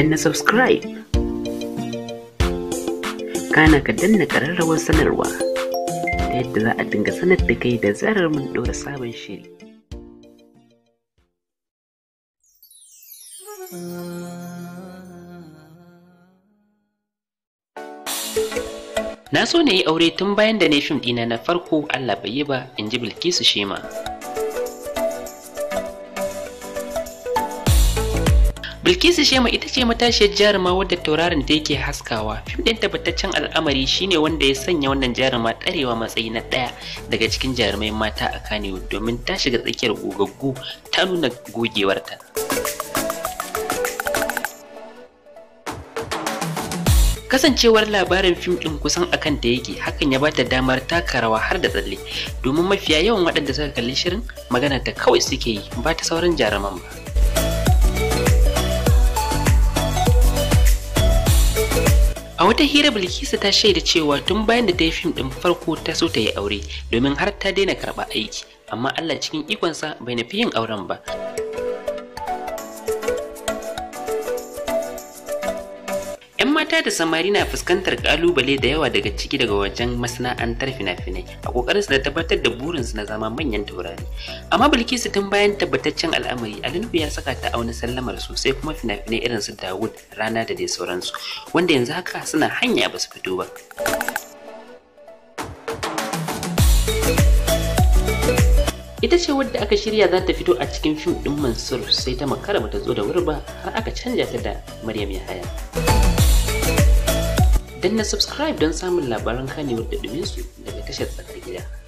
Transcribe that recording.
danna subscribe kana ka danna ƙararrawar sanarwa ta yadda za a dinga sanar da kai da zarar mun ɗora sabon shiri na so na yi aure tun bayan da na fim ɗina na farko allah bai yi ba in ji bilkisu shema Bilkisu Shema ita ce matashiyar jaruma wadda taurarin da yake haskawa. Fim ɗin tabbataccen al'amari shine wanda ya sanya wannan jaruma ɗarewa matsayi na ɗaya daga cikin jarumai mata a Kanewu domin ta shiga tsakiyar gogaggu ta nuna gogewarta. kasancewar labarin fim ɗin kusan akan da yake hakan ya bata damar taka rawa har da tsalle domin mafiya yawan waɗanda suka kalli shirin magana ta kawai suke yi ba ta sauran jaruman ba A wata hira Bilkisu ta shaida cewa tun bayan da ta yi fim ɗin farko ta so ta yi aure domin har ta daina karɓa aiki, amma Allah cikin ikonsa bai nufi yin auren ba. 'Yan mata da samari na fuskantar kalubale da yawa daga ciki daga wajen masana'antar fina-finai a kokarin su da tabbatar da burinsu na zama manyan taurari. Amma Bilkisu tun bayan tabbataccen al'amari, Nuhu ya saka ta auna sallamar su sai kuma fina-finai irin su Dawud, Rana da dai sauransu, wanda yanzu haka suna hanya ba su fito ba. ita ce wadda aka shirya za ta fito a cikin fim ɗin Mansur sai ta makara ba ta zo da wuri ba har aka canja ta da Maryam Yahaya. na subscribe don samun labaran kanewar da su daga tashar tsakar gida